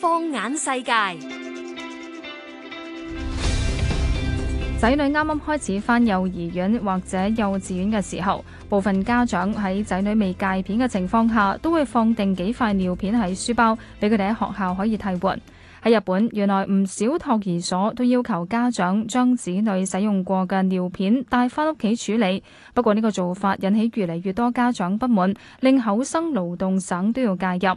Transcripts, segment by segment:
放眼世界，仔女啱啱開始返幼兒園或者幼稚園嘅時候，部分家長喺仔女未戒片嘅情況下，都會放定幾塊尿片喺書包，俾佢哋喺學校可以替換。喺日本，原來唔少托兒所都要求家長將子女使用過嘅尿片帶返屋企處理。不過呢個做法引起越嚟越多家長不滿，令厚生勞動省都要介入。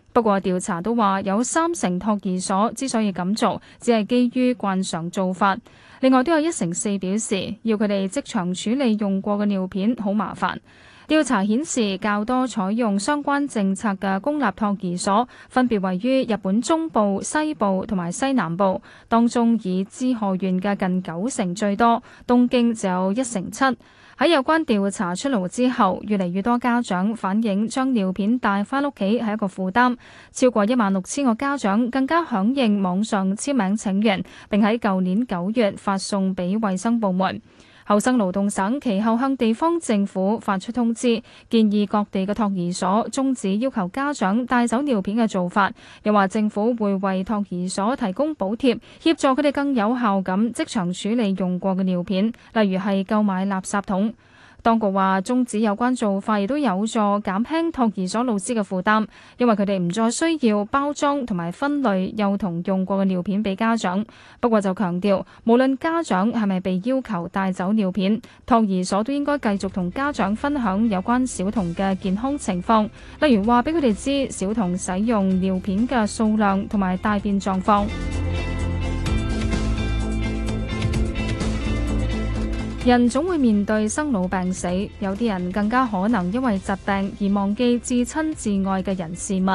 不過調查都話，有三成托兒所之所以咁做，只係基於慣常做法。另外，都有一成四表示，要佢哋即場處理用過嘅尿片好麻煩。調查顯示，較多採用相關政策嘅公立托兒所，分別位於日本中部、西部同埋西南部，當中以滋賀縣嘅近九成最多，東京就有一成七。喺有關調查出爐之後，越嚟越多家長反映將尿片帶翻屋企係一個負擔，超過一萬六千個家長更加響應網上簽名請願，並喺舊年九月發送俾衛生部門。厚生勞動省其後向地方政府發出通知，建議各地嘅托兒所終止要求家長帶走尿片嘅做法。又話政府會為托兒所提供補貼，協助佢哋更有效咁即場處理用過嘅尿片，例如係購買垃圾桶。當局話終止有關做法，亦都有助減輕托兒所老師嘅負擔，因為佢哋唔再需要包裝同埋分類幼童用過嘅尿片俾家長。不過就強調，無論家長係咪被要求帶走尿片，托兒所都應該繼續同家長分享有關小童嘅健康情況，例如話俾佢哋知小童使用尿片嘅數量同埋大便狀況。人總會面對生老病死，有啲人更加可能因為疾病而忘記至親至愛嘅人事物。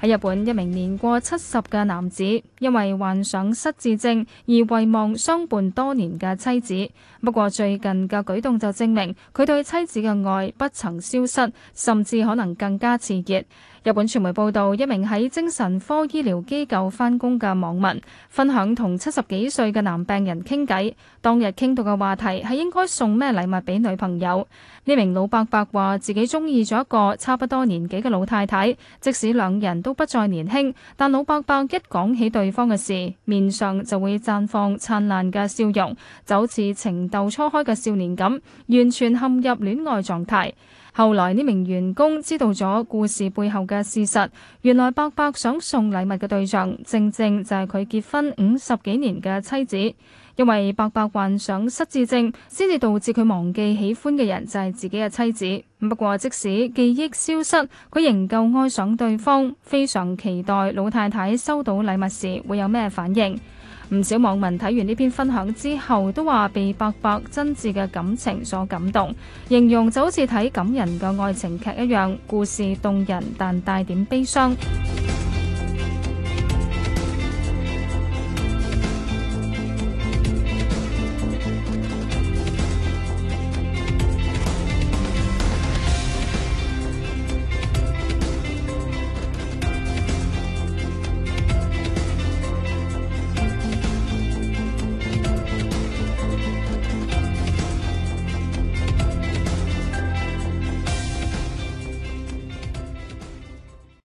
喺日本，一名年過七十嘅男子因為患上失智症而遺忘相伴多年嘅妻子。不過最近嘅舉動就證明佢對妻子嘅愛不曾消失，甚至可能更加熾熱。日本傳媒報道，一名喺精神科醫療機構返工嘅網民分享同七十幾歲嘅男病人傾偈，當日傾到嘅話題係應該送咩禮物俾女朋友。呢名老伯伯話自己中意咗一個差唔多年紀嘅老太太，即使兩人都不再年輕，但老伯伯一講起對方嘅事，面上就會綻放燦爛嘅笑容，就好似情竇初開嘅少年咁，完全陷入戀愛狀態。後來呢名員工知道咗故事背後嘅事實，原來伯伯想送禮物嘅對象，正正就係佢結婚五十幾年嘅妻子。因為伯伯患上失智症，先至導致佢忘記喜歡嘅人就係自己嘅妻子。不過即使記憶消失，佢仍舊愛上對方，非常期待老太太收到禮物時會有咩反應。唔少網民睇完呢篇分享之後，都話被伯伯真摯嘅感情所感動，形容就好似睇感人嘅愛情劇一樣，故事動人但帶點悲傷。